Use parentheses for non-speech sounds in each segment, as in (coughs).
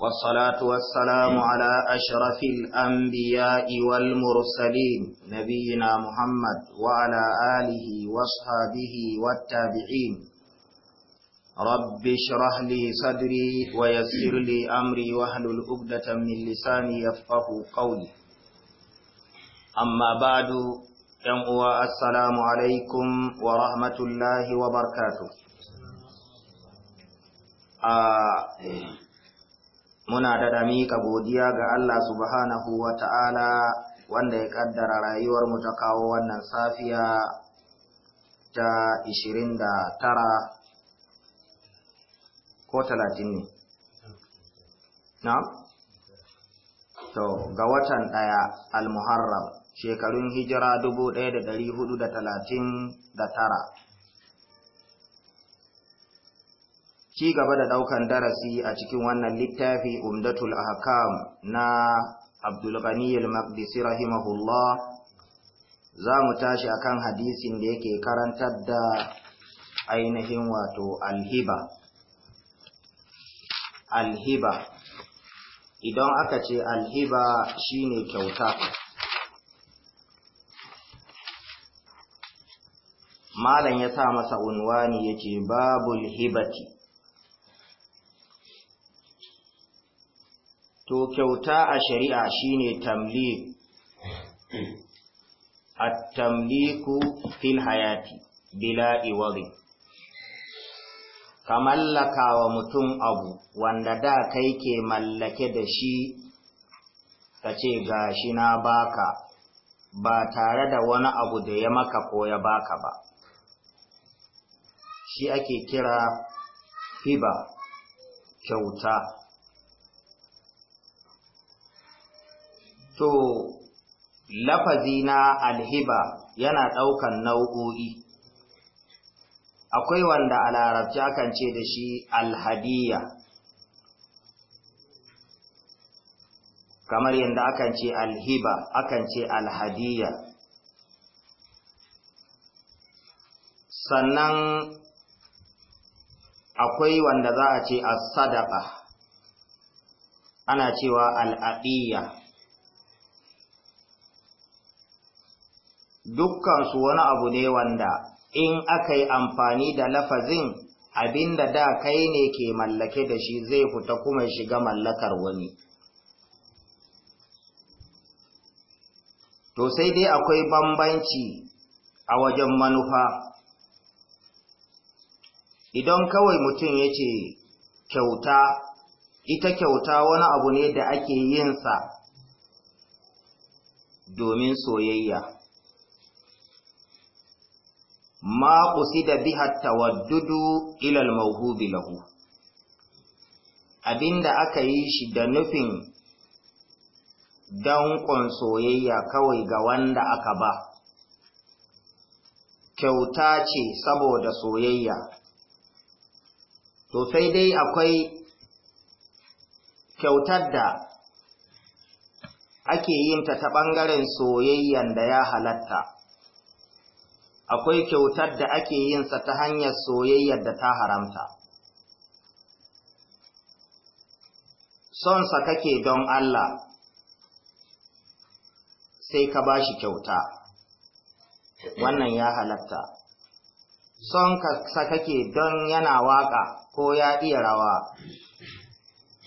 والصلاة والسلام على أشرف الأنبياء والمرسلين نبينا محمد وعلى آله واصحابه والتابعين رب اشرح لي صدري ويسر لي أمري واحلل عقدة من لساني يفقه قولي أما بعد أمو السلام عليكم ورحمة الله وبركاته آه muna da miƙa godiya ga Allah subhanahu wa ta'ala wanda ya ƙaddara rayuwarmu ta kawo wannan safiya ta 29 ko 30 ne. Na? To, ga watan ɗaya al-Muharram, shekarun hijira 1439. ci gaba da daukan darasi a cikin wannan littafi umdatul ahkam na abdulghani al-maqdisi rahimahullah za mu tashi akan hadisin da yake karantar da ainihin wato alhiba alhiba idan aka ce alhiba shine kyauta malam ya sa masa unwani yake babul hibati to kyauta a shari'a shine tamlik at-tamliku fil hayati bila iwari ka mallaka wa mutum abu wanda da kai ke mallake da shi ka ce ga shi na baka ba tare da wani abu da ya maka ko ya baka ba shi ake kira hiba kyauta to lafazi na alhiba yana ɗaukan nau'o'i akwai wanda a larabci akan ce da shi alhadiya kamar yadda akan ce alhiba akan ce alhadiya sannan akwai wanda za a ce as-sadaqa ana cewa al dukkansu wani abu ne wanda in aka yi amfani da lafazin abinda da kai ne ke mallake da shi zai fita kuma shiga mallakar wani. To sai dai akwai bambanci a wajen manufa. Idan kawai mutum ya ce kyauta, ita kyauta wani abu ne da ake yinsa domin soyayya. ma qusida biha tawaddudu ila al-mawhubi lahu abinda aka yi shi da nufin danƙon soyayya kawai ga wanda aka ba kyauta ce saboda soyayya to sai dai akwai kyautar da ake yin ta ta ɓangaren soyayyan da ya halatta akwai kyautar da ake yinsa ta hanyar soyayyar da ta haramta. Sonsa kake don Allah, sai ka ba shi kyauta, wannan ya halatta. Son ka kake don yana waka ko ya iya rawa,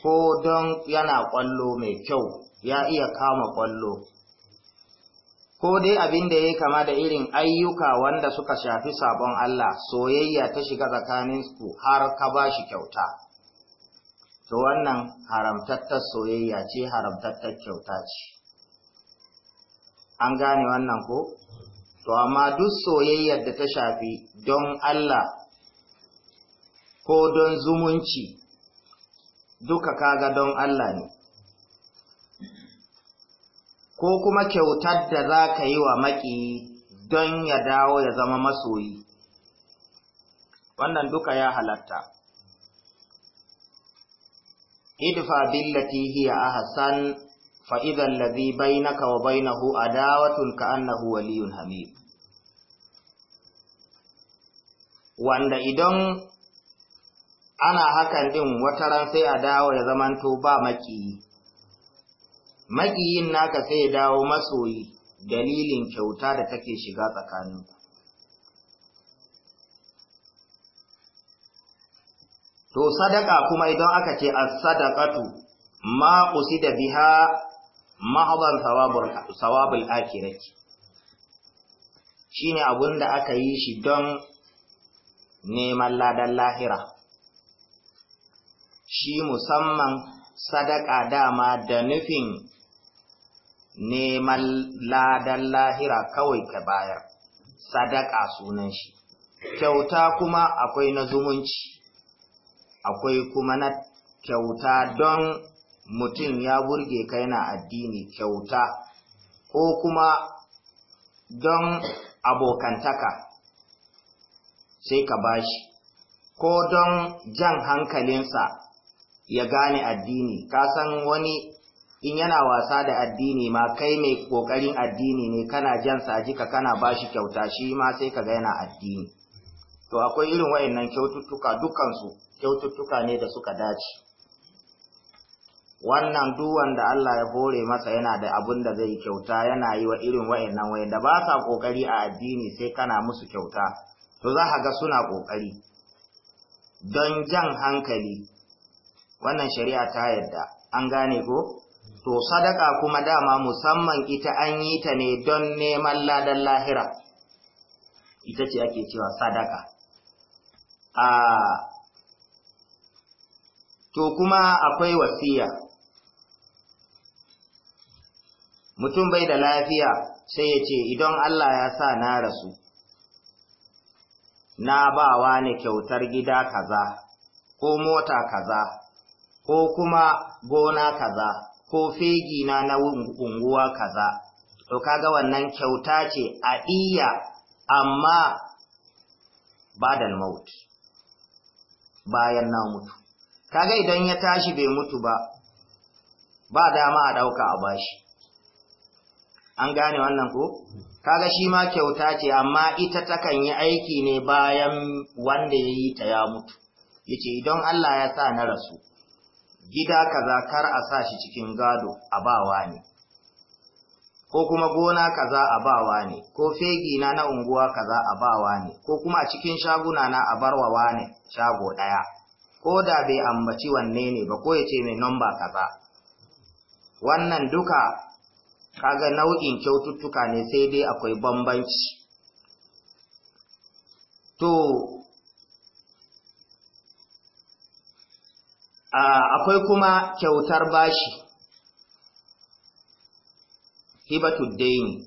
ko don yana ƙwallo mai kyau, ya iya kama ƙwallo. ko dai abin da ya kama da irin ayyuka wanda suka shafi sabon Allah soyayya ta shiga tsakanin su har ka ba shi kyauta to wannan haramtattar soyayya ce haramtattar kyauta ce an gane wannan ko to amma duk soyayyar da ta shafi don Allah ko don zumunci duka kaga don Allah ne ko kuma kyautar da za ka yi wa maƙiyi don ya dawo ya zama masoyi. Wannan duka ya halatta. Idfa billati hiya ahsan fa idhal ladhi bainaka wa bainahu adawatun annahu waliyun hamid. Wanda idan ana hakan din wataran sai a dawo ya zamanto ba maƙiyi. makiyin naka sai ya dawo masoyi dalilin kyauta da take shiga tsakaninku. To sadaka kuma idan aka ce a sadaqatu ma da biha mahadan thawabul akhirati shine abun da aka yi shi don neman ladan lahira shi musamman sadaka dama da nufin neman ladan lahira kawai ka bayar, sadaka sunan shi. Kyauta kuma akwai na zumunci, akwai kuma na kyauta don mutum ya burge ka yana addini kyauta, ko kuma don abokantaka sai ka bashi, ko don jan hankalinsa ya gane addini, kasan wani in yana wasa da addini ma kai mai kokarin addini ne kana jan ka kana bashi kyauta shi ma sai kaga yana addini to akwai irin wayannan kyaututtuka dukkansu kyaututtuka ne da suka dace wannan duwan da Allah ya hore masa yana da abin da zai kyauta yana yi wa irin wayannan wayanda ba sa kokari a addini sai kana musu kyauta to za ka ga suna kokari don jan hankali wannan shari'a ta yadda an gane ko to sadaka kuma dama musamman ita an yi ta ne don neman ladan lahira ita ce ake cewa sadaka a to kuma akwai wasiya mutum bai da lafiya sai ya ce idan Allah ya sa na rasu na bawa ne kyautar gida kaza ko mota kaza ko kuma gona kaza ko fegina na unguwa kaza to kaga wannan kyauta ce a iya amma badal maut bayan na mutu kaga idan ya tashi bai mutu ba ba dama a dauka a bashi an gane wannan ko kaga shi ma kyauta ce amma ita takan yi aiki ne bayan wanda ya yi ta ya mutu yace idan Allah ya sa na rasu gida kaza kar a sa shi cikin gado a bawa ne ko kuma gona kaza a bawa ne ko fegi na na unguwa kaza a bawa ne ko kuma a cikin shaguna na a barwa wani shago ɗaya ko da bai ambaci wanne ne ba ko ya ce mai nomba kaza wannan duka kaga nau'in kyaututtuka ne sai dai akwai bambanci to akwai kuma kyautar bashi hibatul dain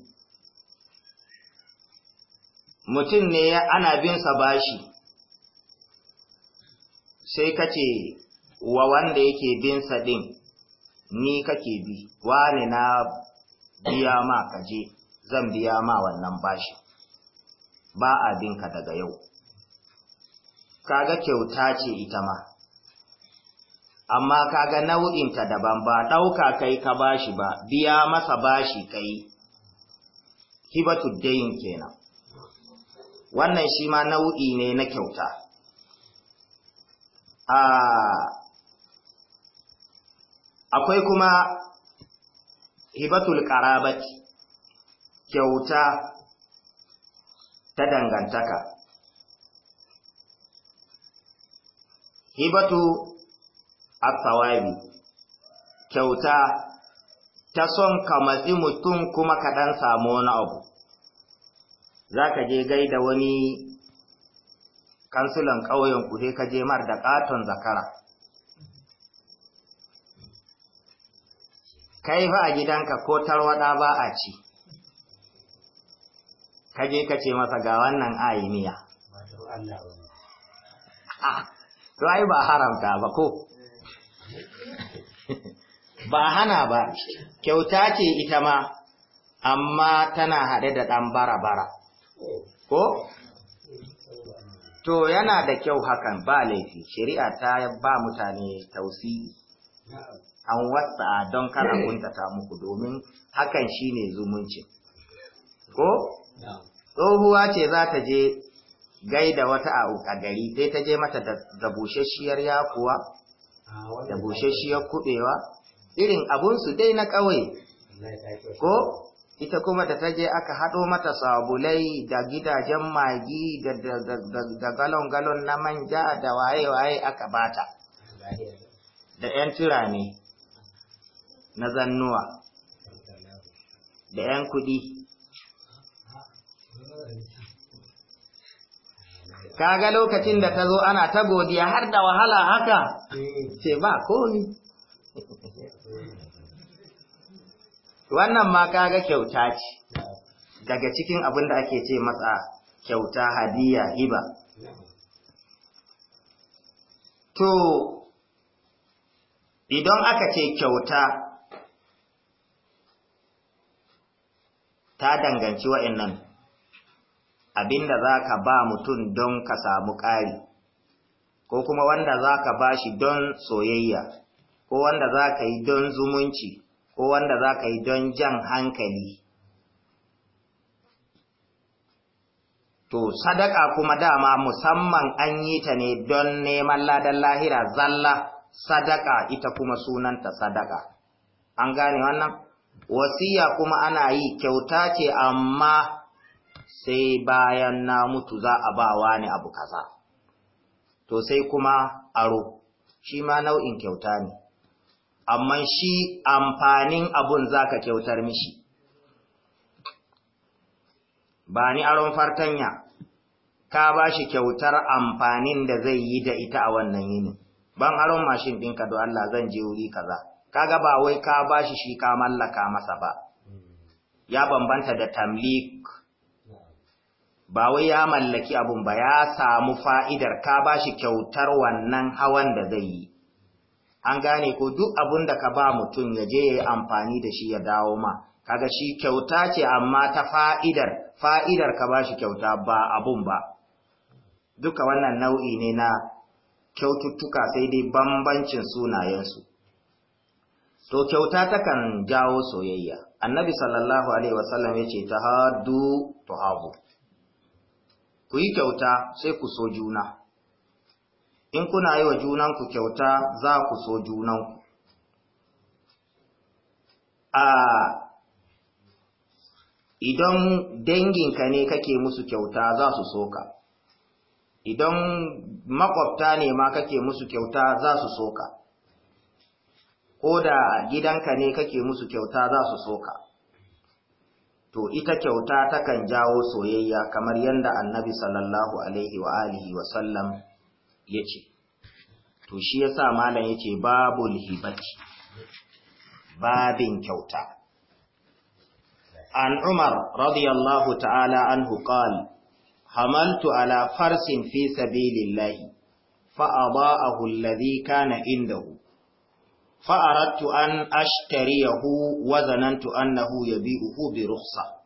mutum ne ana bin sa bashi sai kace wa wanda yake sa din ni kake bi wani na biya ma kaje zan biya ma wannan bashi ba a binka daga yau kaga kyauta ce ita ma amma kaga nau'inta daban ba ɗauka kai ka bashi ba biya masa bashi kai Hibatu dayin kenan wannan shi ma nau'i ne na kyauta akwai kuma hibatul qarabati kyauta ta dangantaka hibatu atsawabi kyauta ta son ka matsi mutum kuma ka ɗan samu wani abu za ka je gaida wani kansulan ƙauyen sai ka je mar da ƙaton zakara kai fa a gidanka ko tarwaɗa ba a ci Ka je ka ce masa ga wannan ayiniya ah, to ai ba haramta ba ko ba hana ba kyauta ce ita ma amma tana haɗe da ɗan bara-bara ko? to yana da kyau hakan ba laifi shari'a ta ba mutane tausi an watsa don kana kuntata muku domin hakan shi ne zumunci ko? tsohuwa ce za ta je gaida wata a gari sai ta je mata da busasshiyar yakuwa da busasshiyar kuɗewa irin abunsu dai na ƙauye, ko ita kuma da ta je aka haɗo mata sabulai da gidajen magi da galon-galon na manja da waye-waye aka bata, da ‘yan ne na zannuwa, da ‘yan kuɗi. Kaga lokacin da ta zo ana ta godiya har da wahala haka, eh. ce ba komi. (laughs) wannan ma kaga kyauta ce daga cikin abin da ake ce matsa kyauta hadiya hiba to idan aka ce kyauta ta danganci wa'annan abinda za ka ba mutum don ka samu ƙari ko kuma wanda za ka ba shi don soyayya ko wanda za ka yi don zumunci ko wanda za ka yi don jan hankali to sadaka kuma dama musamman an yi ta ne don neman ladan lahira zalla sadaka ita kuma sunanta sadaka an gane wannan wasiya kuma ana yi kyauta ce amma sai bayan na mutu za a ba wani abu kaza to sai kuma aro shi ma nau'in kyauta ne amma shi amfanin abun za ka kyautar mishi. Ba ni aron fartanya, ka ba shi kyautar amfanin da zai yi da ita a wannan yini. Ban aron mashin ɗinka do Allah zan je wuri kaza. Kaga ba wai ka ba shi shi ka mallaka masa ba. Ya bambanta da tamlik. Ba wai ya mallaki abun ba ya samu fa'idar ka ba shi kyautar wannan hawan da zai yi. an gane ko duk abun da ka ba mutum ya je ya yi amfani da shi ya dawo ma kaga shi kyauta ce amma ta fa'idar fa'idar ka ba shi kyauta ba abun ba duka wannan nau'i ne na kyaututtuka sai dai bambancin sunayensu to kyauta takan jawo soyayya annabi sallallahu alaihi wasallam ya ce ta hadu ku yi kyauta sai ku so juna in kuna yi wa junanku kyauta za ku so junanku. A idan danginka ne kake musu kyauta za su so ka, idan makwabta ne ma kake musu kyauta za su so ka, ko da gidanka ne kake musu kyauta za su so ka. To, ita kyauta takan jawo soyayya kamar yadda annabi sallallahu Alaihi wa alihi ya ce to shi ya sa malam ya ce babun hibati babin kyauta an umar radiyallahu ta'ala an hukali hamantu ala farsin fi sabilin lahi fa’aba a hulladi ka na inda hu fa’arattu an ashtari yahu wazanantu annahu yabi uku bi rufsa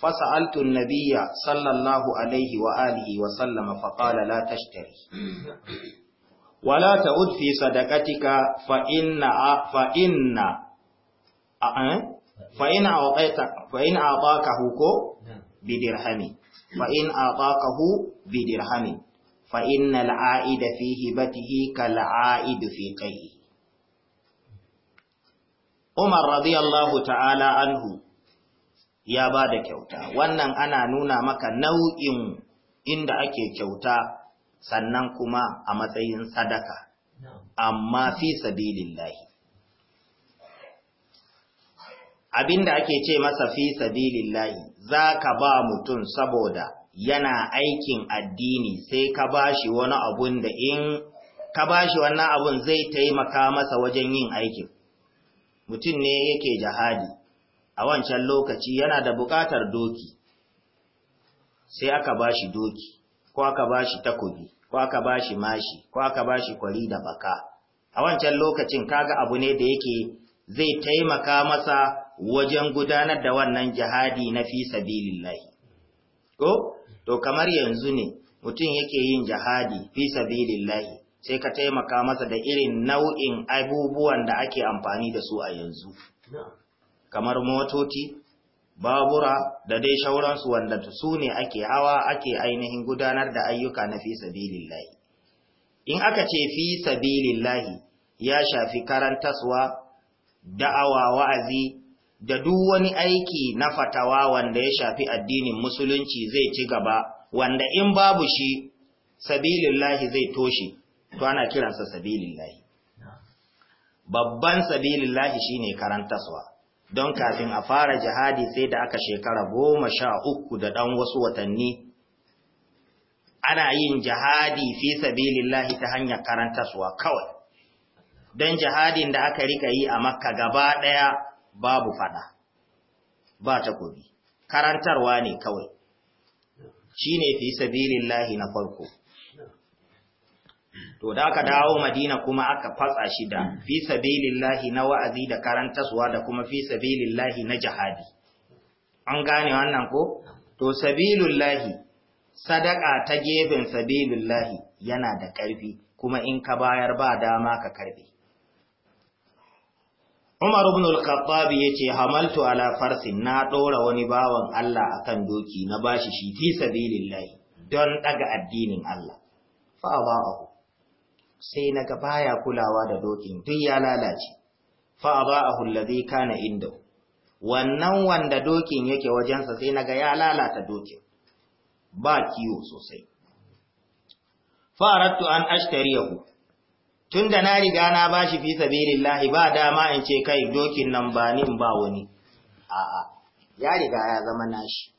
فسألت النبي صلى الله عليه وآله وسلم فقال لا تشتري ولا تعد في صدقتك فإن فإن فإن أعطيت فإن أعطاكه بدرهم فإن أعطاكه بدرهم فإن العائد في هبته كالعائد في قيه عمر رضي الله تعالى عنه ya ba da kyauta wannan ana nuna maka nau'in inda ake kyauta sannan kuma a matsayin sadaka amma fi sabilillahi abinda ake ce masa fi sabilillahi zaka ba mutum saboda yana aikin addini sai ka bashi wani abun da in ka bashi wannan abun zai taimaka masa wajen yin aikin mutum ne yake jihadi a wancan lokaci yana da buƙatar doki sai aka ba shi doki ko aka ba shi takobi ko aka ba shi mashi ko aka ba shi kwari da baka a wancan lokacin kaga abu ne da yake zai taimaka masa wajen gudanar da wannan jihadi na fi sabilillahi ko to kamar yanzu ne mutum yake yin jihadi fi sabilillahi sai ka taimaka masa da irin nau'in abubuwan da ake amfani da su a yanzu kamar motoci babura da dai shauransu wanda su ne ake hawa ake ainihin gudanar da ayyuka na fi sabilillahi in aka ce fi sabilillahi ya shafi karantaswa da'awa wa'azi da duk wani aiki na fatawa wanda ya shafi addinin musulunci zai ci gaba wanda in babu shi sabilillahi zai toshe to ana kiransa sabilillahi babban sabilillahi shine karantaswa don kafin a fara jihadi sai da aka shekara goma sha uku da ɗan wasu watanni ana yin jihadi fi sabilillahi ta hanyar karantarsuwa kawai don jihadin da aka rika yi a makka gaba ɗaya babu fada ba takobi karantarwa ne kawai shi ne fi sabilillahi na farko to da aka dawo madina kuma aka fatsa shi da fi sabilillahi na wa'azi da karantaswa da kuma fi sabilillahi na jihadi an gane wannan ko to sabilillahi sadaka ta gefen sabilillahi yana da ƙarfi kuma in ka bayar ba dama ka karbe Umar ibn al-Khattab yace hamaltu ala farsin na ɗora wani bawan Allah akan doki na bashi shi fi sabilillahi don ɗaga addinin Allah fa ba'ahu sai na ga baya kulawa da dokin duk ya lalace fa aba'ahu allazi kana inda wannan wanda dokin yake wajensa sai na ga ya lalata dokin ba kiwo sosai faratu an ashtariyahu tunda na riga na bashi fi sabilillahi ba dama in ce kai dokin nan ba ni ba wani a'a ya riga ya zama nashi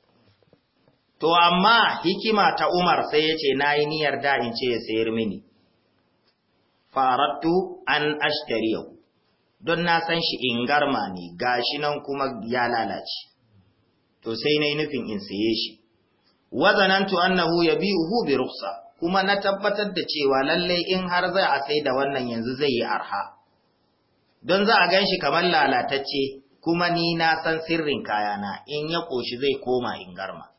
to amma hikima ta Umar sai yace yi niyar da in ce ya sayar mini faratu an ashtariyahu don na san shi in garma ne gashi nan kuma ya lalace to sai nayi nufin in saye shi wazanantu annahu ya bi ruksa kuma na tabbatar da cewa lalle in har za a sai da wannan yanzu zai yi arha don za a ganshi kamar lalatacce kuma ni na san sirrin kayana in ya koshi zai koma in garma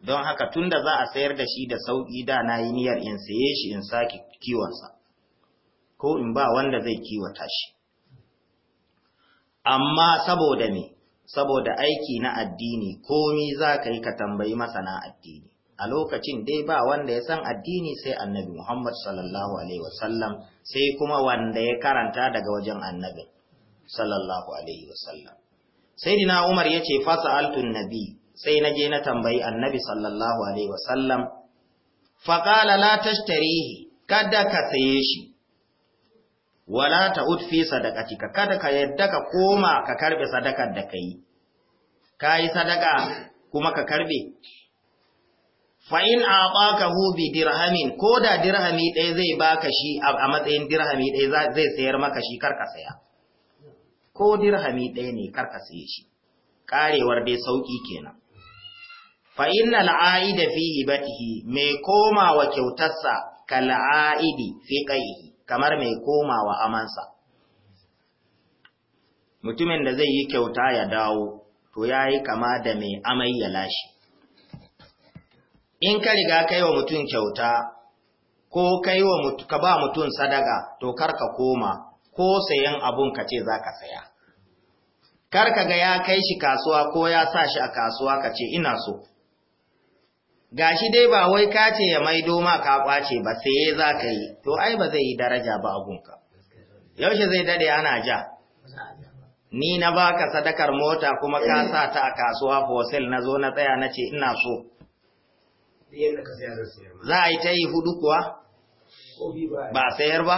don haka tunda za a sayar da shi da sauki da na yi niyyar in saye shi in sake kiwonsa ko in ba wanda zai kiwata shi amma saboda me saboda aiki na addini komi za ka yi ka tambayi masana addini a lokacin dai ba wanda ya san addini sai annabi Muhammad sallallahu alaihi wasallam sai kuma wanda ya karanta daga wajen annabi sallallahu alaihi wasallam Sai dina Umar yace fa altun nabi sai na je na tambayi annabi sallallahu alaihi wasallam fa qala la tashtarihi kada ka saye shi wala ta utfi sadaqatika kada ka yadda ka koma ka karbe sadakar da kai yi sadaka kuma ka karbe fa in atakahu bi dirhamin da dirhami ɗaya zai baka shi a matsayin dirhami ɗaya zai sayar maka shi karka saya ko dirhami ɗaya ne karka saye shi karewar dai sauki kenan fa innal aida fi batihi mai komawa kyautarsa kal aidi fi qaihi kamar mai komawa amansa. Mutumin da zai yi kyauta ya dawo, to yayi kama da mai amai ya lashe. In ka riga kai wa mutum kyauta, ko kai ka ba mutum sadaka, to kar ka koma, ko sayan abun ka ce za ka saya. Kar ka ga ya kai shi kasuwa ko ya sa shi a kasuwa ka ce ina so. Ga shi dai ba wai ka ce ya maido ma ka kwace ba sai za ka yi to ai ba zai yi daraja ba agunka yaushe zai dade ana ja ni na baka sadakar mota kuma ka sa ta a kasuwa Fosil na zo na tsaya na ce ina so za a yi ta yi hudu kuwa ba sayar ba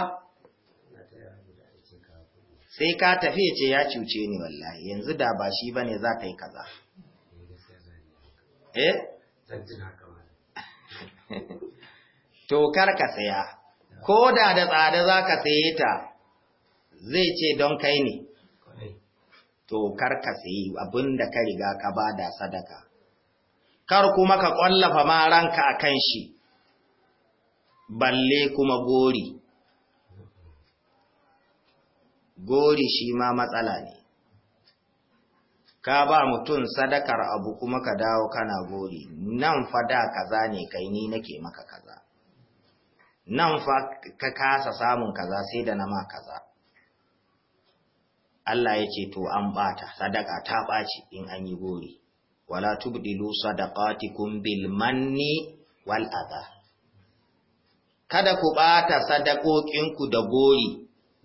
sai ka tafi ce ya cuce ni wallahi yanzu da ba shi bane za ka yi kaza eh (laughs) Tokar ka saya ko da da tsada za ka saye ta zai ce don kai ne Tokar ka sayi abin da ka riga ka ba da sadaka kar kuma ka kwallafa ma ranka a kan shi balle kuma gori gori shi ma matsala ne ka ba mutum sadakar abu kuma ka dawo kana gori nan fa da kaza ne kai ni nake maka kaza nan fa ka kasa samun kaza sai da na ma kaza Allah ya ce to an bata sadaka ta baci in an yi gori wala tubdilu sadaqatikum bil manni wal adha kada ku ɓata sadakokinku da gori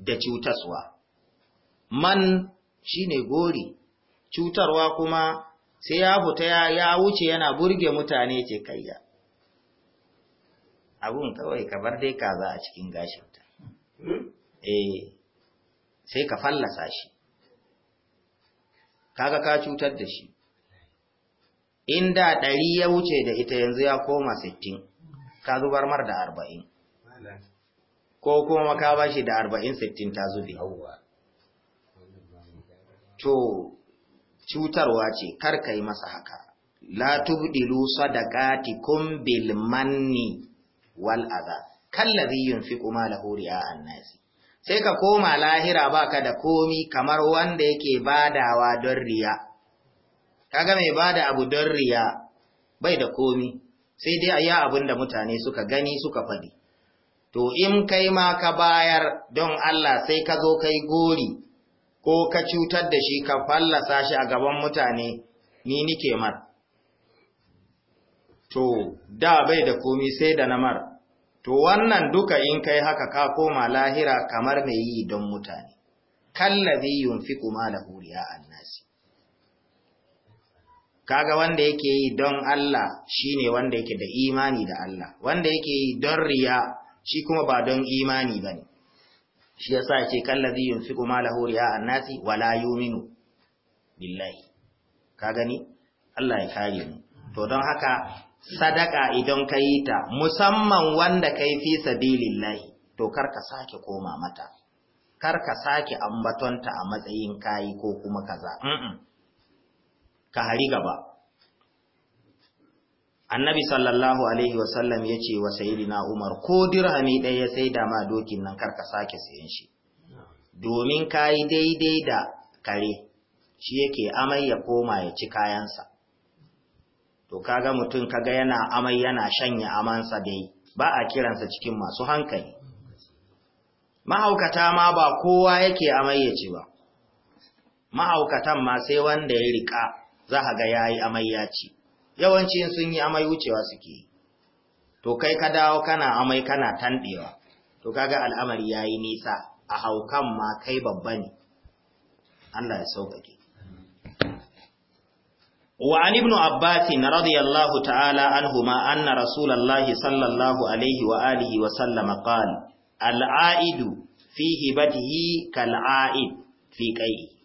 da cutaswa man shine gori cutarwa kuma sai ya fita ya wuce yana burge mutane ce ya abun kawai ka bar dai kaza a cikin gashinta hmm? eh sai ka fallasa shi kaga ka cutar da shi inda ɗari ya wuce da ita yanzu ya koma sittin ka zubar mar da arba'in ko kuma ka ba da arba'in sittin ta zubi to cutarwa ce kar ka yi masa haka la tubdilu sadaqatikum bil manni wal adha kallazi yunfiqu malahu an-nas sai ka koma lahira baka da komi kamar wanda yake badawa don riya kaga mai bada abu don riya bai da komi sai dai ayi abin da mutane suka gani suka fadi to in kai ma ka bayar don Allah sai ka zo kai gori ko ka cutar da shi ka fallasa shi a gaban mutane ni nike mar. To, da bai da komi sai da na mar, to wannan duka in kai haka ka koma lahira kamar mai yi don mutane, kallabi yun fi kuma da huriya annasi. Kaga wanda yake yi don Allah shi ne wanda yake da imani da Allah, wanda yake yi don riya shi kuma ba don imani ba ne. shi yasa yace kallazi yunfiqu malahu riya annasi wala yu'minu billahi ka gani Allah ya kare mu to don haka sadaka idan ka ta musamman wanda ka yi fi sabilillahi to kar karka sake koma mata kar karka sake ambatonta a matsayin kayi ko kuma kaza ka hari gaba annabi sallallahu alaihi wasallam ya ce wa sayidina umar ko dirhami ɗaya ya sai da ma dokin nan karka sake sayan shi domin ka yi daidai da kare shi yake amai ya koma ya ci kayansa to kaga mutum kaga yana amai yana shanya amansa dai ba a kiransa cikin masu hankali mahaukata ma ba kowa yake amai ya ci ba mahaukatan ma sai wanda ya riƙa za ga ya yi amai ya ci yawanci sun yi amai wucewa suke to kai ka dawo kana amai kana tanɗewa. to kaga al'amari yayi nisa a haukan ma kai babba ne Allah ya sauƙaƙe wa an ibnu abbas radiyallahu ta'ala anhuma anna rasulullahi sallallahu alaihi wa alihi wa sallama qala al'aidu fi hibatihi kal'aid fi qai'i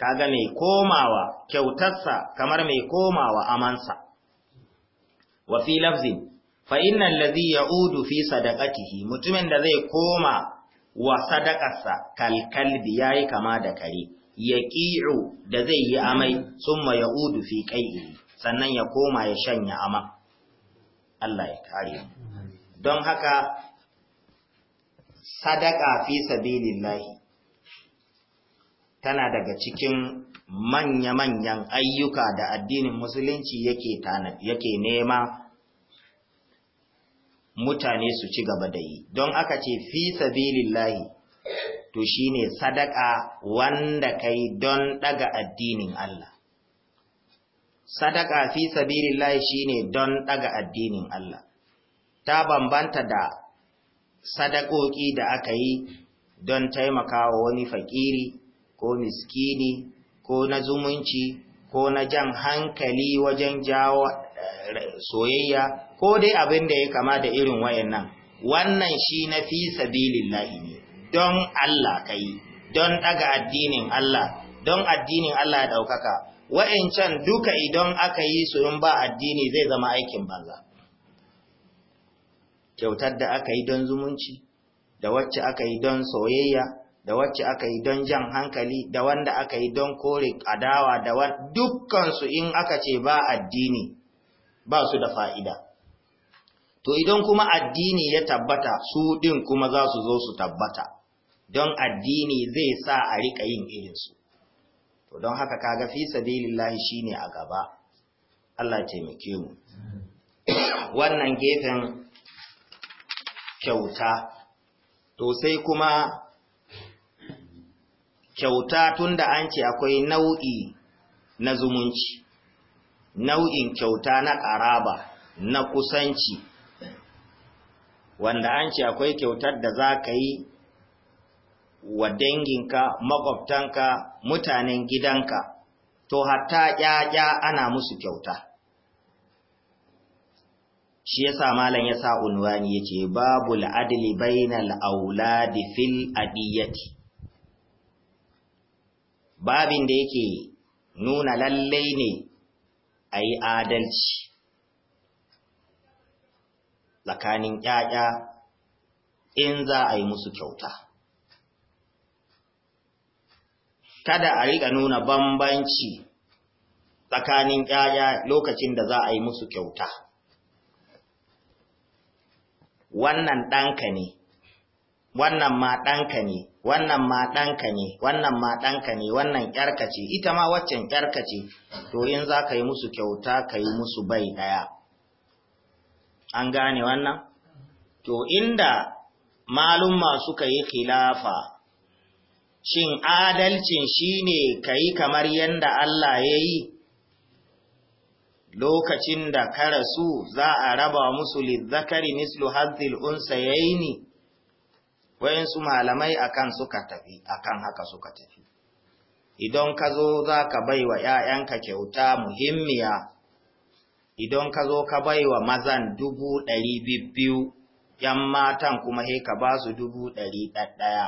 kaga mai komawa kyautarsa kamar mai komawa amansa wa fi lafzin fa innal ladhi ya'udu fi sadaqatihi mutumin da zai koma wa sadakarsa kalkalbi kalbi yayi kama da kare ya yaqi'u da zai yi amai summa ya'udu fi qai'i sannan ya koma ya shanya ama Allah ya kare don haka sadaka fi sabilillahi tana daga cikin manya-manyan ayyuka da addinin musulunci yake yake nema mutane su ci gaba da yi don aka ce fi sabilillahi to shine sadaka wanda kai don daga addinin Allah sadaka fi sabilillahi shine don daga addinin Allah ta bambanta da sadakoki da aka yi don taimakawa wani fakiri ko miskini ko na zumunci ko na jan hankali wajen jawo eh, soyayya ko dai abin da ya kama da irin wayannan wannan shi na fi sabilillahi ne don Allah kai don daga addinin Allah don addinin Allah ya daukaka wayancan duka idan aka yi su in ba addini zai zama aikin banza kyautar da aka yi don zumunci da wacce aka yi don soyayya da wacce aka yi don jan hankali da wanda aka yi don kore adawa da dukkansu in aka ce ba addini ba su da fa'ida to idan kuma addini ya tabbata su din kuma za su zo su tabbata don addini zai sa a riƙa yin irinsu to don haka kaga fi shi ne a gaba Allah taimake mu (coughs) wannan gefen kyauta to sai kuma kyauta tunda an ce akwai nau'i na zumunci nau'in kyauta na ƙaraba na kusanci wanda an ce akwai kyautar da za ka yi wa danginka makwabtanka mutanen gidanka to hatta ƙyaƙya ana musu kyauta shi ya yasa malam yasa unwani yace babu al'adli bainal auladi fil adiyati babin da yake nuna lallai ne a yi adalci tsakanin ‘ya'ya in za a yi musu kyauta. Kada a riƙa nuna bambanci tsakanin ‘ya'ya lokacin da za a yi musu kyauta. Wannan ɗanka ne, wannan ma ɗanka ne. wannan ma ɗanka ne wannan ma ɗanka ne wannan ƙyarka ce ita ma waccan ƙyarka ce to in za ka yi musu kyauta ka yi musu bai ɗaya an gane wannan to inda malumma suka yi khilafa shin adalcin shine ka yi kamar yadda Allah ya yi lokacin da ka rasu za a raba musu lizzakari mislu hazzil unsa yayi su malamai akan suka tafi akan haka suka tafi idan ka zo za ka bai ‘ya'yanka kyauta muhimmiya idan ka zo ka baiwa mazan dubu ɗari biyu ‘yan matan kuma he ka ba su dubu ɗari ɗaɗɗaya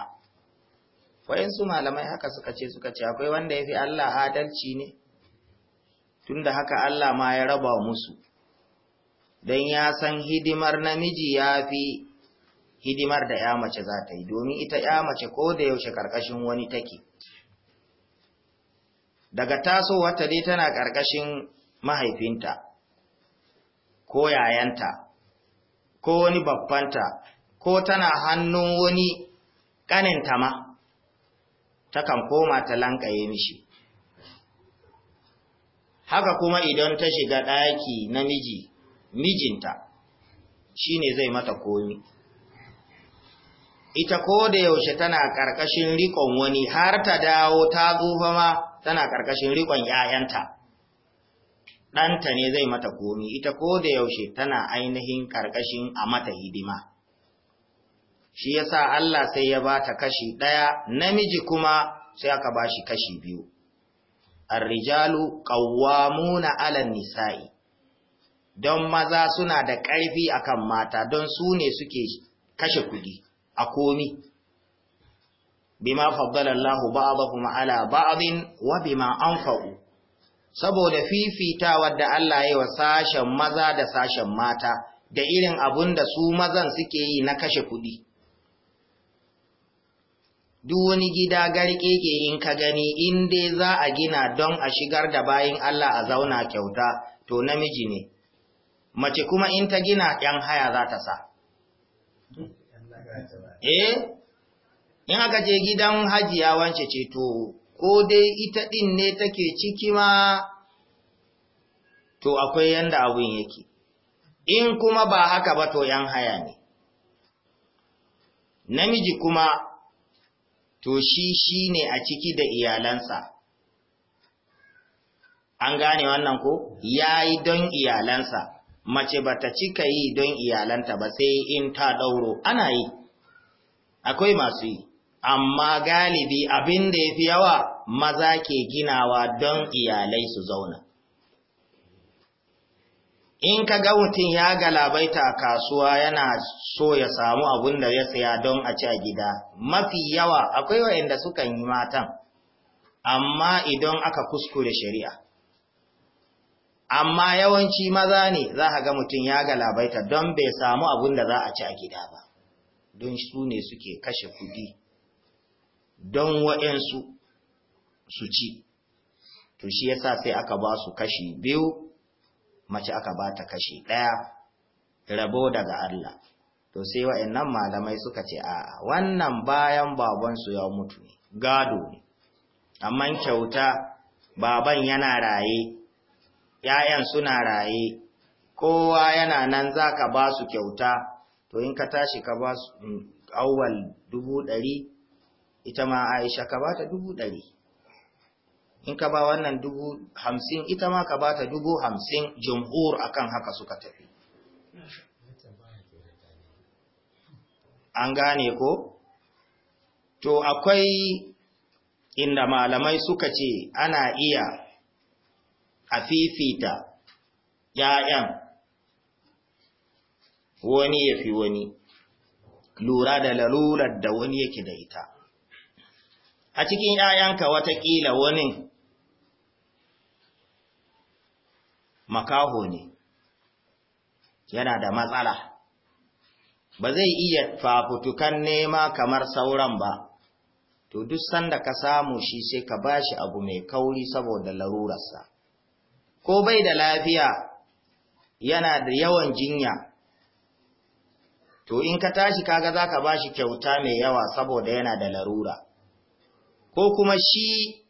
wayansu malamai haka suka ce suka ce akwai wanda ya fi Allah adalci ne tunda haka Allah ma ya raba musu Dan ya san hidimar namiji ya fi hidimar da ya mace za ta yi domin ita ya mace ko da yaushe ƙarƙashin wani take daga tasowar ta dai tana ƙarƙashin mahaifinta ko yayanta ko wani babbanta ko tana hannun wani ƙaninta ma takan koma ta lankaye mishi haka kuma idan ta shiga ɗaki na mijinta shi ne zai mata komi ita ko da yaushe tana ƙarƙashin riƙon wani har ta dawo ta tsufa ma tana ƙarƙashin riƙon ‘ya'yanta. Ɗanta ne zai mata komi, ita ko da yaushe tana ainihin ƙarƙashin a mata hidima. Shi ya sa Allah sai ya ba ta kashi ɗaya, namiji kuma sai aka ba shi kashi biyu. Arrijalu ƙawwamuna alan nisa'i, don maza suna da ƙarfi akan mata don su ne suke kashe kuɗi. a komi bima faddala Allah ba'dahum ala ba'din wa bima anfa'u saboda fifita wadda Allah ya yi wa sashen maza da sashen mata da irin abunda su mazan suke yi na kashe kuɗi duk wani gida garkeke in ka gani in dai za a gina don a shigar da bayin Allah a zauna kyauta to namiji ne mace kuma in ta gina 'yan haya za ta sa eh in aka je gidan haji hajiya wance ce ko dai ita ɗin ne take ciki ma to akwai yanda abun yake in kuma ba haka ba to ‘yan haya ne namiji kuma to shi shi ne a ciki da iyalansa an gane wannan ko ya yi don iyalansa mace ba ta cika yi don iyalanta ba sai in ta ɗauro ana yi akwai masu yi, amma galibi abin da ya fi yawa maza ke ginawa don iyalai su zauna. In ka ga mutum ya galabaita a kasuwa yana so ya samu abin da ya tsaya don a ci a gida, mafi yawa akwai wa'yanda sukan yi matan, amma idan aka kuskure shari'a. amma yawanci maza ne za ka ga mutum ya galabaita don bai samu abin da za a ci a gida ba. don su ne suke kashe kudi don wa'yansu su ci to shi yasa sai aka ba su kashi biyu mace aka ba ta kashi ɗaya rabo daga Allah to sai nan malamai suka ce a wannan bayan babansu ya mutu gado ne amma kyauta baban yana raye ‘ya'yan suna raye kowa yana nan za ka ba su kyauta to in ka tashi ka ba su mm, awwal dubu ɗari ita ma aisha ka ba ta dubu ɗari in ka ba wannan dubu hamsin ita ma ka ba ta dubu hamsin jumhur akan haka suka tafi an gane ko to akwai inda malamai suka ce ana iya a fifita ‘ya'yan wani ya fi wani lura da lalurar da wani yake da ita a cikin ‘ya'yanka watakila wani makaho ne yana da matsala ba zai iya fafutukan nema kamar sauran ba to duk sanda ka samu shi sai ka bashi abu mai kauri saboda larurarsa ko bai da lafiya yana da yawan jinya to in ka tashi kaga za ka ba shi kyauta mai yawa saboda yana da larura ko kuma shi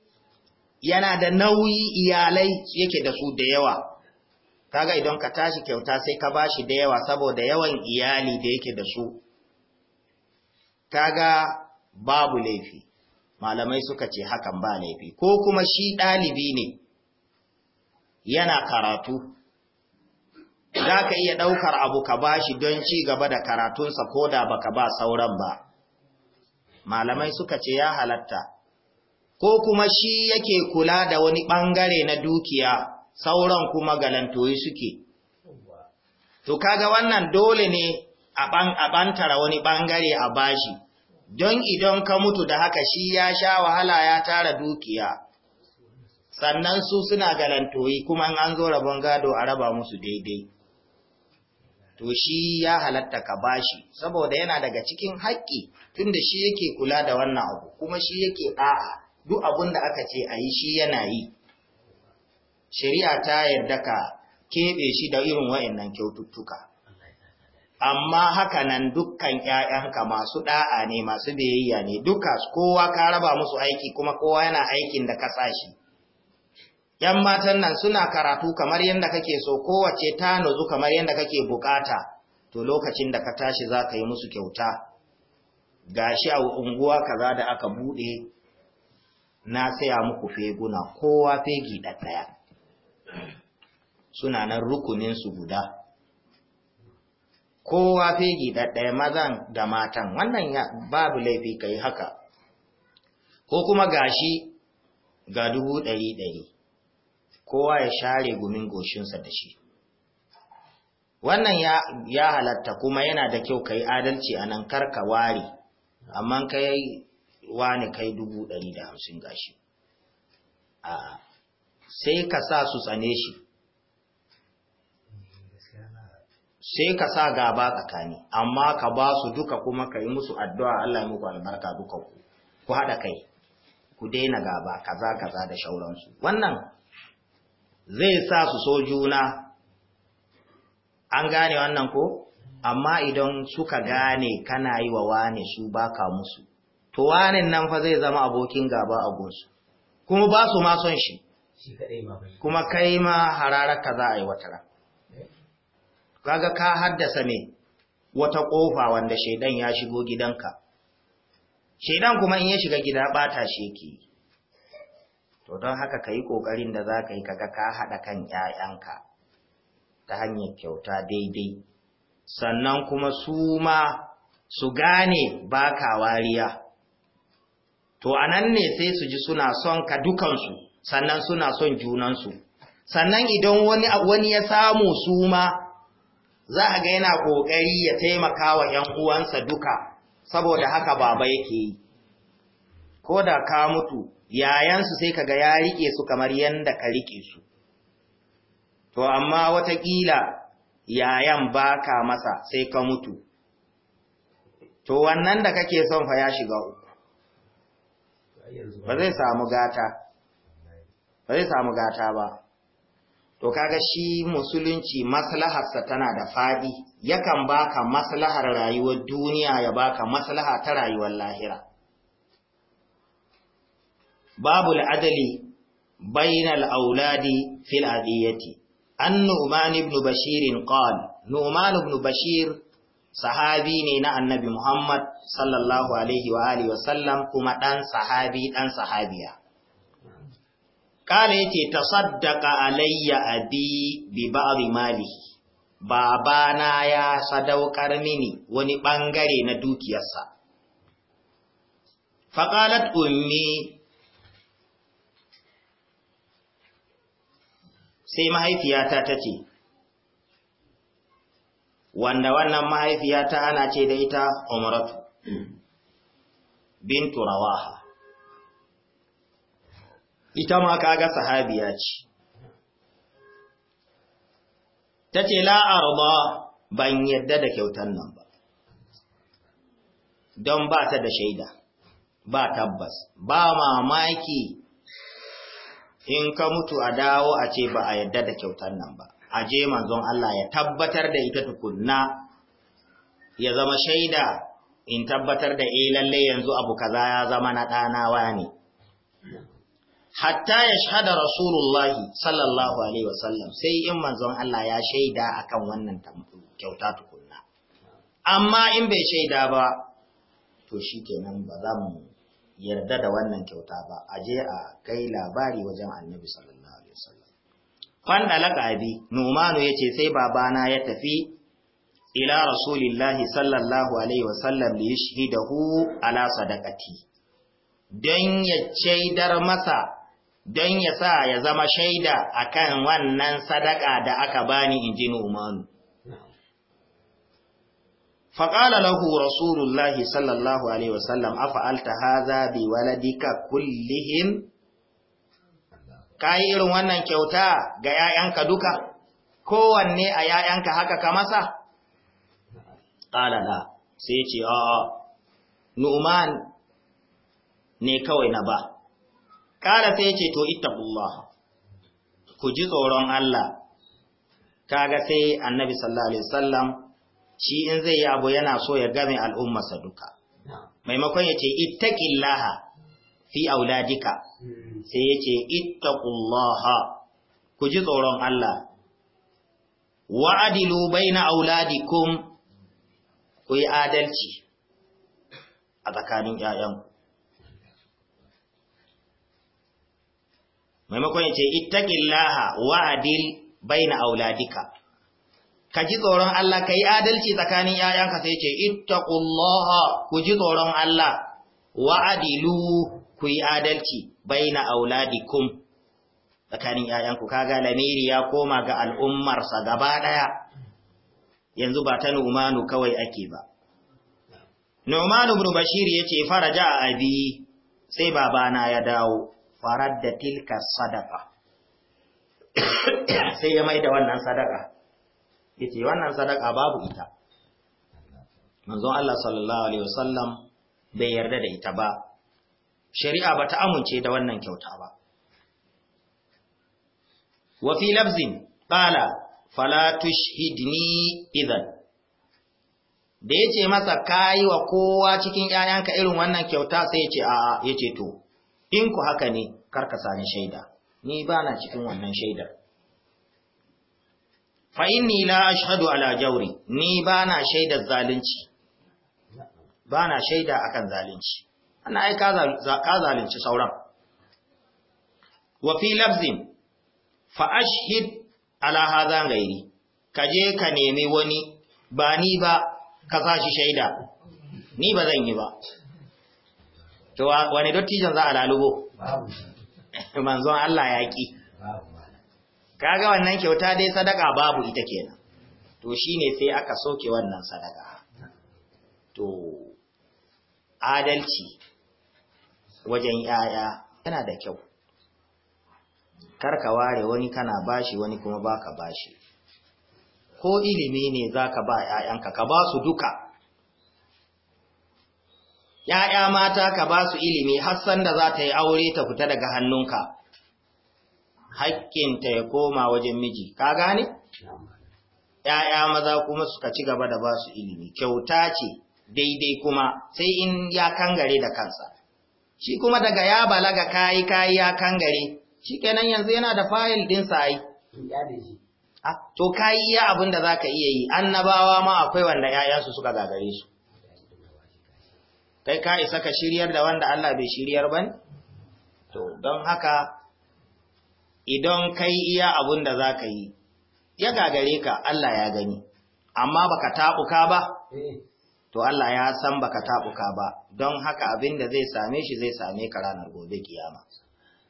yana da nauyi iyalai yake da su da yawa kaga idan ka tashi kyauta sai ka ba shi da yawa saboda yawan iyali da yake da su kaga babu laifi malamai suka ce hakan ba laifi ko kuma shi ɗalibi ne yana karatu za ka iya ɗaukar abu ka ba shi don ci gaba da karatunsa ko da baka ba sauran ba malamai suka ce ya halatta ko kuma shi yake kula da wani ɓangare na dukiya sauran kuma galantoyi suke to kaga wannan dole ne a ɓantara wani ɓangare a bashi don idan ka mutu da haka shi ya sha wahala ya tara dukiya sannan su suna galantoyi kuma an zo rabon gado a raba musu daidai to shi ya halatta ka bashi saboda yana daga cikin haƙƙi tunda shi yake kula da wannan abu kuma shi yake a'a duk abin da aka ce a yi shi yana yi shari'a ta yarda ka keɓe shi da irin wa'annan kyaututtuka amma haka nan dukkan ƴaƴanka masu da'a ne masu biyayya ne duka kowa ka raba musu aiki kuma kowa yana aikin da ka sa ‘yan matan nan suna karatu kamar yadda kake so kowace ta nazu kamar yadda kake bukata, to lokacin da ka tashi za ka yi musu kyauta, ga shi a unguwa kaza da aka buɗe na saya muku feguna kowa fegi ɗaya. Suna nan rukuninsu guda. Kowa fegi ɗaya mazan da matan, wannan babu laifi ka yi haka, ko kuma gashi ga dubu ɗari ɗari. kowa ya share gumin goshinsa da shi wannan ya, ya halatta kuma yana da kyau kai adalci a nan karka ware amma kai wani kai dubu ɗari da hamsin gashi a sai ka sa su tsane shi sai ka sa gaba tsakani amma ka ba su duka kuma ka yi musu addu'a Allah ya muku albarka duka ku ku haɗa kai ku daina gaba kaza kaza da shauransu wannan zai sa su so juna an gane wannan ko amma idan suka gane kana yi wa wane su baka musu to wane nan fa zai zama abokin gaba a gosu kuma ba su ma son shi kuma kai ma ka za a yi watara kaga ka haddasa me wata kofa wanda shaidan ya shigo gidanka shaidan kuma in ya shiga gida bata shi yake to don haka ka yi ƙoƙarin da za ka yi kaga ka haɗa kan ‘ya'yanka ta hanyar kyauta daidai sannan kuma su ma su gane baka wariya to a nan ne sai su ji suna son ka dukansu sannan suna son junansu sannan idan wani, wani ya samu su ma za a ga yana ƙoƙari ya taimaka wa ‘yan uwansa duka saboda haka baba yake yi ko da ka mutu yayansu sai kaga ya rike su kamar yanda ka rike su to amma wataƙila yayan baka masa sai ka mutu to wannan da kake son fa ya shiga uku ba zai samu gata ba zai samu gata ba to kaga shi musulunci maslaharsa tana da faɗi, yakan baka maslahar rayuwar duniya ya baka maslaha ta rayuwar lahira babu al'adali bainal auladi fil adiyati an nu'man ibn Bashirin qala nu'man ibn bashir sahabi ne na annabi Muhammad sallallahu alaihi wa alihi wasallam kuma ɗan sahabi ɗan sahabiya. Kala yace ta saddaka alayya abi bi ba'ri babana ya sadaukar mini wani ɓangare na dukiyarsa. Faƙalat ummi sai mahaifiyata ta ce, wanda wannan mahaifiyata ana ce da ita umaratu, bintu rawaha. Ita ma kaga sahabiya ce. Ta ce la'arba ban yadda da kyautan nan ba, don ba ta da shaida, ba tabbas, ba mamaki in ka mutu a dawo a ce ba a yadda da kyautar nan ba a je manzon Allah ya tabbatar da ita tukunna ya zama shaida in tabbatar da e eh, lalle yanzu abu kaza ya zama na ɗanawa ne hatta ya shahada Rasulullah sallallahu alaihi wasallam sai in manzon Allah ya shaida a kan wannan kyauta tukunna amma in bai shaida ba to shi shikenan ba za mu yarda da wannan kyauta ba a je a kai labari wajen annabi sallallahu alaihi wasallam fan laka numanu yace sai babana ya tafi ila rasulillahi sallallahu alaihi wasallam li yashhidahu ala sadaqati don ya shaidar masa don ya sa ya zama shaida akan wannan sadaka da aka bani inji numanu faƙala lahu rasulullahi sallallahu alaihi wasallam afa'alta haza bi waladika kullihim kayi irin wannan kyauta ga 'ya'yanka duka kowanne a 'ya'yanka haka ka masa ƙala sai ce a'a nu'man ne kawai na ba ƙala sai ce to ittaqullah ku ji tsoron Allah kaga sai annabi sallallahu alaihi wasallam shi in zai yi abu yana so ya game al'ummarsa duka maimakon ya ce ittaqillaha fi auladika hmm. sai ya ce ittaqullaha ku ji tsoron Allah wa'adilu baina auladikum ku yi adalci a tsakanin ‘ya'yanku. Maimakon ya ce, Ittaƙin laha wa'adil bai na auladika, ka ji tsoron Allah ka yi adalci tsakanin ‘ya'yanka sai ce, Ittaqullaha ku ji tsoron Allah, wa'adilu ku yi adalci bai na auladikum tsakanin ‘ya'yanku, kaga lamiri ya koma ga al'ummarsa gaba ɗaya, yanzu ba ta Numanu kawai ake ba. Numanu bin Bashir ya ce, Faraja a abi, sai babana ya dawo, farar da tilka sadaka, (coughs) sai ya mai da wannan sadaka. yace wannan sadaka babu ita manzon Allah sallallahu alaihi wasallam bai yarda da ita ba shari'a bata amince da wannan kyauta ba wa fi lafzin qala fala tushhidni idan da yace masa kayi wa kowa cikin ‘ya'yanka irin wannan kyauta sai yace ce a yace to, in ku haka ne karka sani shaida, ni bana cikin wannan shaidar. fa inni la ashhadu ala jawri ni bana shaida zalunci bana shaida akan zalunci ana ai ka zalunci sauran wa fi lafzin fa ashhid ala hadha ghairi kaje ka nemi wani ba ni ba ka sashi shaida ni ba zan yi ba to wani dottijan za a lalubo manzon Allah ya ki kaga wannan kyauta dai sadaka babu ita kenan to shine sai aka soke wannan sadaka to adalci wajen yaya yana da kyau karka ware wani kana bashi wani kuma baka bashi ko ilimi ne zaka ba yayanka ka ba su duka yaya mata ka ba su ilimi har san da za ta yi aure ta fita daga hannunka hakkinta ya koma wajen miji, ka gane? ‘Ya'ya maza kuma suka ci gaba da ba su ilimi, kyauta ce daidai kuma sai in ya kangare da kansa. Shi kuma daga ya balaga kayi kayi ya kangare, shi kenan yanzu yana da fayil ɗin sa yi. To kayi iya abin da za ka iya yi, annabawa ma akwai wanda ‘ya'yansu suka gagare su. Kai ka isa ka shiryar da wanda Allah bai shiryar ba To, don haka idan kai iya abun da za ka yi, ya gagare ka Allah ya gani, amma baka taɓuka ba, eh. to Allah ya san baka taɓuka ba, don haka abin da zai same shi zai same ka ranar gobe kiyama.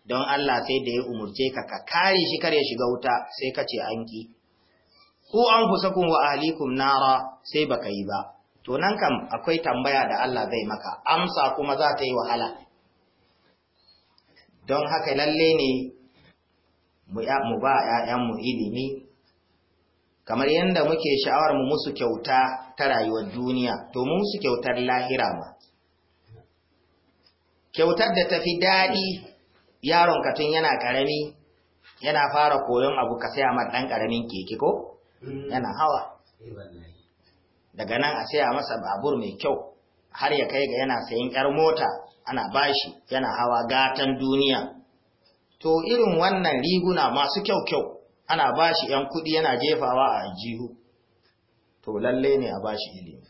Don Allah sai da ya umurce ka ka kare shi kare shiga wuta sai ka ce an ki. Ku an kun wa ahlikum nara sai baka yi ba, to nan kam akwai tambaya da Allah zai maka, amsa kuma za ta yi wahala. Don haka lalle ne mu ba ‘ya'yanmu ilimi kamar yadda muke sha'awar mu musu kyauta ta rayuwar duniya to musu kyautar lahira ma kyautar da tafi daɗi yaron katun yana ƙarami yana fara koyon abu ka saya amma ɗan ƙaramin keke ko yana hawa daga nan a saya masa babur mai kyau har ya kai ga yana sayan 'yar mota ana bashi yana hawa gatan duniya to irin wannan riguna masu kyau-kyau ana ba shi ‘yan kuɗi yana jefawa a jihu, to lalle ne a ba shi ilimi,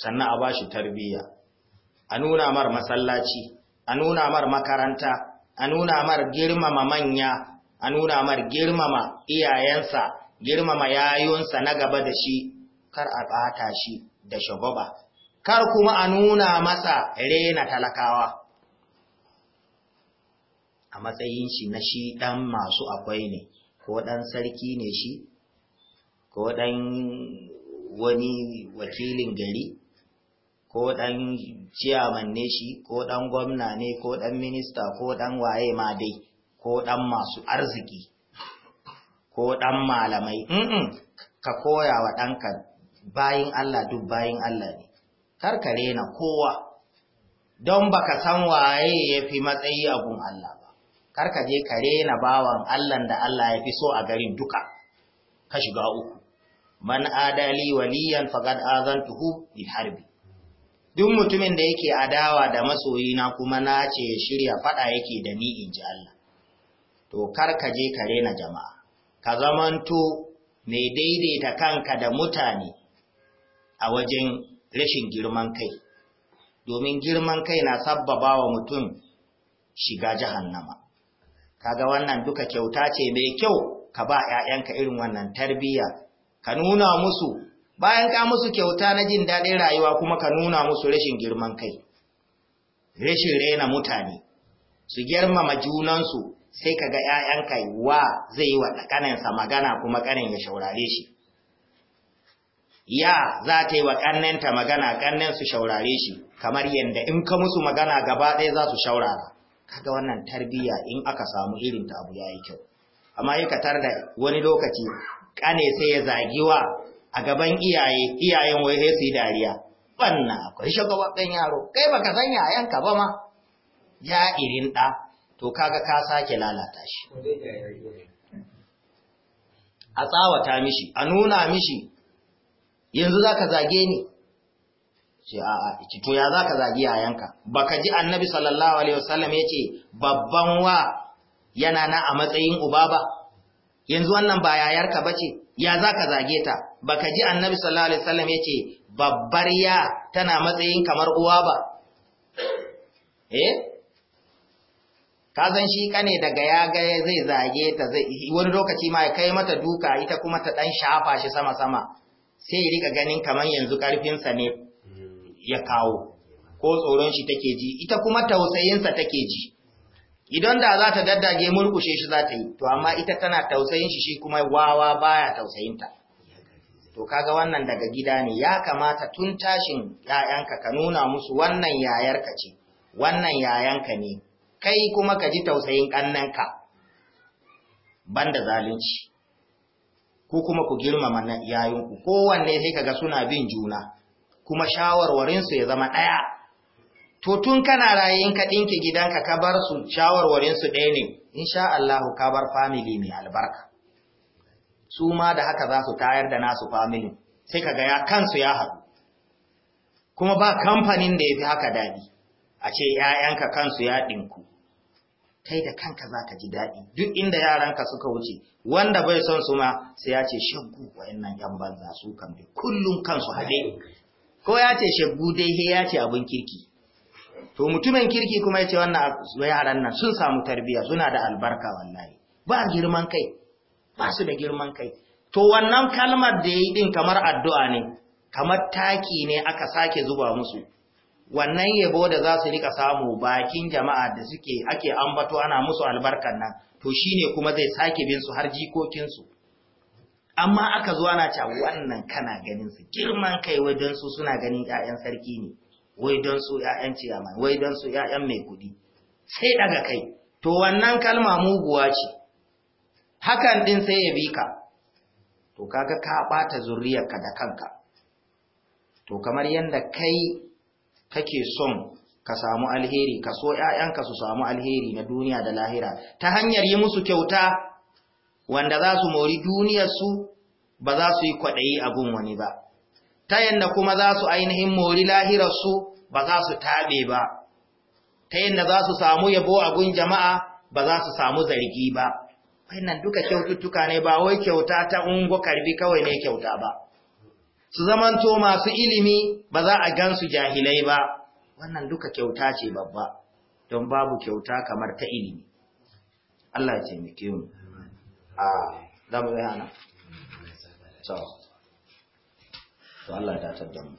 sannan a ba shi tarbiyya, a nuna mar masallaci, a nuna mar makaranta, a nuna mar girmama manya, a nuna mar girmama iyayensa, girmama yayunsa na gaba da shi, kar a ɓata shi da shagwaba, kar kuma a nuna masa rena talakawa. a matsayin shi na shi ɗan masu akwai ne ko ɗan sarki ne shi ko ɗan wani wakilin gari ko ɗan ciyaman ne shi ko ɗan gwamna ne ko ɗan minista ko ɗan waye ma dai ko ɗan masu arziki ko ɗan malamai ka koya wa ɗanka bayin Allah duk bayin Allah ne karkare na kowa don baka san waye ya fi matsayi abun Allah ba kar ka je ka rena bawan Allah da Allah ya fi so a garin duka ka shiga uku man adali waliyan faqad azantuhu bil harbi duk mutumin da yake adawa da masoyina kuma na ce shirya fada yake da ni in ji Allah to kar ka je ka rena jama'a ka zamanto mai daidaita kanka da mutane a wajen rashin girman kai domin girman kai na sabbaba wa mutum shiga jahannama kaga wannan duka kyauta ce mai kyau ka ba ‘ya'yanka irin wannan tarbiyya ka nuna musu bayan ka musu kyauta na jin daɗin rayuwa kuma ka nuna musu rashin girman kai rashin raina mutane su girmama junansu sai ka ga ‘ya'yanka wa zai yi wa ƙaninsa magana kuma ƙanin ya shaurare shi ya za ta yi wa ƙannenta magana ƙannen su shaurare shi kamar yadda in ka musu magana gaba ɗaya za su shaurara kaga wannan tarbiyya in aka samu irin ta abu yayi kyau amma yi tar da wani lokaci kane sai ya zagiwa a gaban iyaye iyayen wai sai su yi dariya banna akwai shagabakan yaro kai baka san yayanka ba ma ya irin da to kaga ka sake lalata shi a tsawata mishi a nuna mishi yanzu zaka zage ni a a'a ki to ya zaka zagi yayanka baka ji annabi sallallahu alaihi wasallam yace babban wa yana na a matsayin uba ba yanzu wannan ba yayarka bace ya zaka zage ta baka ji annabi sallallahu alaihi wasallam yace babbar ya tana matsayin kamar uwa ba eh ka shi kane daga ya ga zai zage ta zai wani lokaci ma ya kai mata duka ita kuma ta dan shafa shi sama sama sai ya rika ganin kaman yanzu karfin sa ne ya kawo ko tsoron shi take ji ita kuma tausayinsa take ji idan da za ta daddage murkushe shi za ta yi to amma ita tana tausayin shi shi kuma wawa baya tausayinta to kaga wannan daga gida ne ya kamata tun tashin 'ya'yanka ka nuna musu wannan yayarka ce wannan yayanka ne kai kuma ka ji tausayin ƙannanka banda zalunci ku kuma ku girmama yayinku kowanne sai kaga suna bin juna kuma shawarwarinsu ya zama ɗaya to tun kana rayin ka ɗinke gidanka ka bar su shawarwarinsu ɗaya ne insha Allahu ka bar famili mai albarka su ma da haka za su tayar da nasu family sai ka ya kansu ya haɗu kuma ba kamfanin da ya fi haka daɗi a ce ‘ya'yanka kansu ya ɗinku kai da kanka za ka ji daɗi duk inda yaranka suka wuce wanda bai son su ma sai ya ce shaggu wa'annan ‘yan banza su kan kullum kansu haɗe ko ya ce shaggu dai he ya ce abin kirki to mutumin kirki kuma ya ce wannan yaran nan sun samu tarbiyya suna da albarka wallahi ba girman kai ba su da girman kai to wannan kalmar da ya yi din kamar addu'a ne kamar taki ne aka sake zuba musu wannan yabo da za su rika samu bakin jama'a da suke ake ambato ana musu albarkan nan to shine kuma zai sake bin su har jikokinsu amma aka zuwa na ca wannan kana ganin su girman kai wai don su suna ganin ƴaƴan sarki ne wai don su ƴaƴan ciyaman wai don su ƴaƴan mai kuɗi sai daga kai to wannan kalma muguwa ce hakan din sai ya bi ka to kaga ka bata zuriyarka da kanka to kamar yadda kai kake son ka samu alheri ka so ƴaƴanka su samu alheri na duniya da lahira ta hanyar yi musu kyauta wanda za su mori duniyarsu ba za su yi kwaɗayi abin wani ba, ta yadda kuma za su ainihin mori lahirarsu ba za su taɓe ba, ta yadda za su samu yabo abin jama'a ba za su samu zargi ba, wannan duka kyaututtuka ne ba wai kyauta ta ungo karbi kawai ne kyauta ba. Su zamanto masu ilimi ba za a gansu jahilai ba, wannan duka kyauta ce babba, don babu kyauta kamar ta ilimi. Allah ya taimake mu. a damu ya hana to to Allah ya datar da mu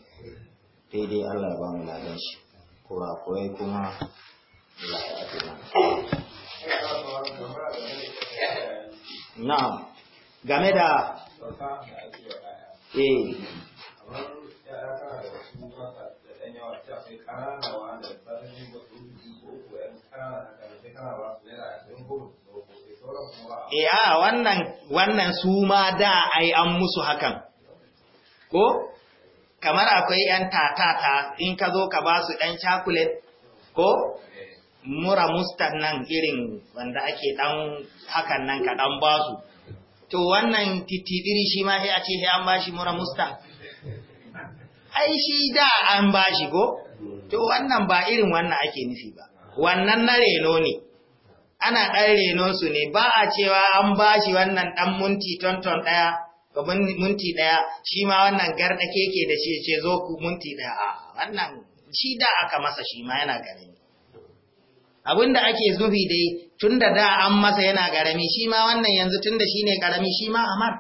dai Allah ya ba mu ladan shi kuma koyi kuma Allah ya ake na'am game da eh ƙararrawa da tsarin ko ko ‘yan ƙararrawa da tsarin ko E a wannan su ma da ai an musu hakan. Ko? Kamar akwai ‘yan tatata in ka zo ka ba su ɗan cakulet, ko? Mura mustan nan irin wanda ake ɗan hakan nan ka ɗan ba su. To wannan titidiri shi ma sai a ce sai an ba shi mura mustan. Ai shi da an ba shi ko? To wannan ba irin wannan ake nufi ba. Wannan na reno ne. ana ɗan renonsu ne ba a cewa an ba shi wannan ɗan munti tonton ɗaya ga munti ɗaya shi ma wannan garɗa keke da shi ce zo ku munti ɗaya a wannan shi da aka masa shi ma yana garami abin da ake zubi dai tun da da an masa yana garami shi ma wannan yanzu tun da shi ne garami shi ma amar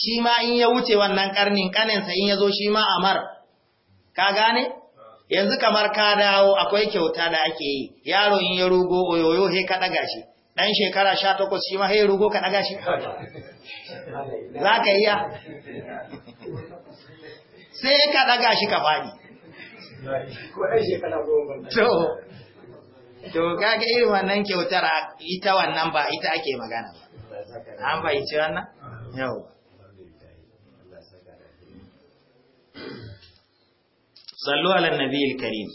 shi ma in ya wuce wannan ƙarnin ƙaninsa in ya zo shi ma amar ka gane yanzu kamar ka dawo akwai kyauta da ake yi yaro in ya rugo oyoyo he ka daga shi dan shekara 18 shi ma he rugo ka daga shi (laughs) za ka iya sai ka daga shi ka fadi to to kaga irin wannan kyautar ita wannan ba ita ake magana ba an bai ci wannan ah. yawa sallu ala nabiyil karim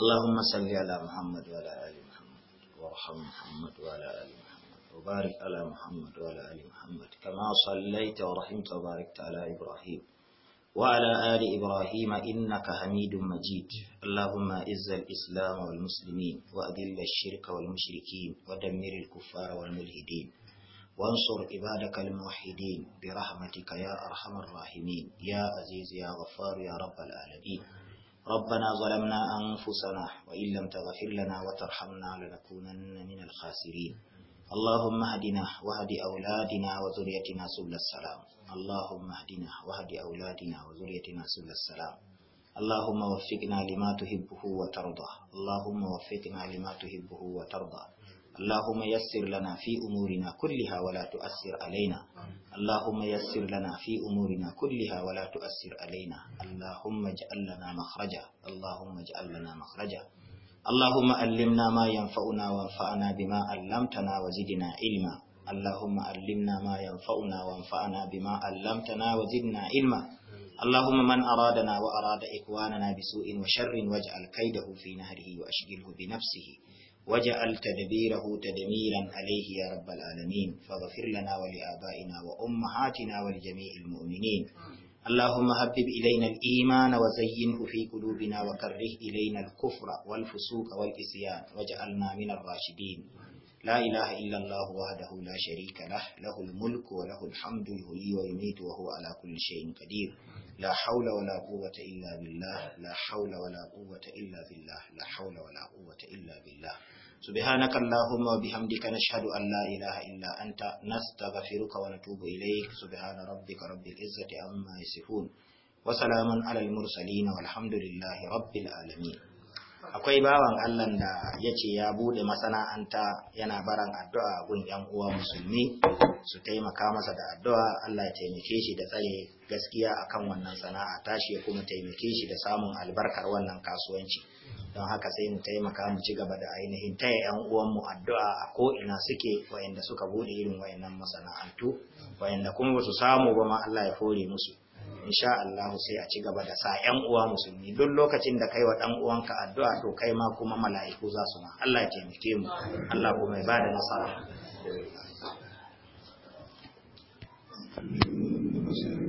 Allahumma salli ala Muhammad wa ala ali Muhammad warham Muhammad wa ala ali Muhammad وبارك على محمد وعلى آل محمد كما صليت ورحمت وباركت على إبراهيم وعلى آل إبراهيم إنك حميد مجيد اللهم إز الإسلام والمسلمين وأذل الشرك والمشركين ودمر الكفار والملحدين وانصر عبادك الموحدين برحمتك يا أرحم الراحمين يا عزيز يا غفار يا رب العالمين ربنا ظلمنا أنفسنا وإن لم تغفر لنا وترحمنا لنكونن من الخاسرين اللهم اهدنا واهد أولادنا وذريتنا سبل السلام اللهم اهدنا واهد أولادنا وذريتنا سبل السلام اللهم وفقنا لما تحبه وترضى اللهم وفقنا لما تحبه وترضى اللهم يسر لنا في أمورنا كلها ولا تؤثر علينا اللهم يسر لنا في أمورنا كلها ولا تؤثر علينا اللهم اجعل لنا مخرجا اللهم اجعل لنا مخرجا اللهم علمنا ما ينفعنا وانفعنا بما علمتنا وزدنا علما اللهم علمنا ما ينفعنا وانفعنا بما علمتنا وزدنا علما اللهم من أرادنا وأراد إخواننا بسوء وشر واجعل كيده في نهره وأشغله بنفسه وجعل تدبيره تدميرا عليه يا رب العالمين فاغفر لنا ولآبائنا وأمهاتنا ولجميع المؤمنين اللهم هبب إلينا الإيمان وزينه في قلوبنا وكره إلينا الكفر والفسوق والإسيان واجعلنا من الراشدين لا إله إلا الله وحده لا شريك له له الملك وله الحمد يحيي ويميت وهو على كل شيء قدير la haula wala quwwata illa billah la haula wala illa billah la haula wala quwwata illa billah subhanaka allahumma wa bihamdika nashhadu an la ilaha illa anta nastaghfiruka wa natubu ilayk subhana rabbika rabbil izzati amma yasifun wa salamun alal mursalin walhamdulillahi rabbil alamin akwai bawan Allah da ya ce ya bude masana'anta yana baran addu'a a gun ‘yan uwa musulmi su taimaka masa da addu'a Allah ya taimake shi da tsaye gaskiya akan wannan sana'a tashi ya kuma taimake shi da samun albarkar wannan kasuwanci don haka sai mu taimaka mu ci gaba da ainihin taya yan uwanmu addu'a a ko ina suke wayanda suka bude irin wayannan masana'antu wayanda kuma ba su samu ba ma Allah ya fore musu insha Allah sai a ci gaba da sa yan uwa musulmi duk lokacin da kai wa dan uwanka addu'a to kai ma kuma mala'iku za su ma Allah ya taimake mu Allah kuma ya bada nasara Thank you.